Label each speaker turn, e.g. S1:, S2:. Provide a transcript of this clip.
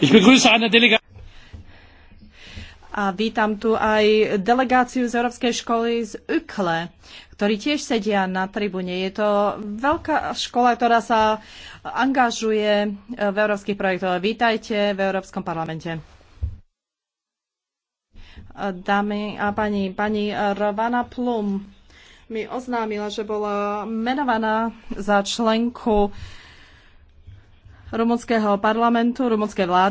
S1: Ich begrüße eine Delegation.
S2: A vítam tu aj delegáciu z Európskej školy z UKLE, ktorí tiež sedia na tribúne. Je to veľká škola, ktorá sa angažuje v európskych projektoch. Vítajte v Európskom parlamente. Dámy a pani, pani Rovana Plum mi
S3: oznámila, že bola
S2: menovaná za členku
S4: rumunského parlamentu, rumunskej vlády.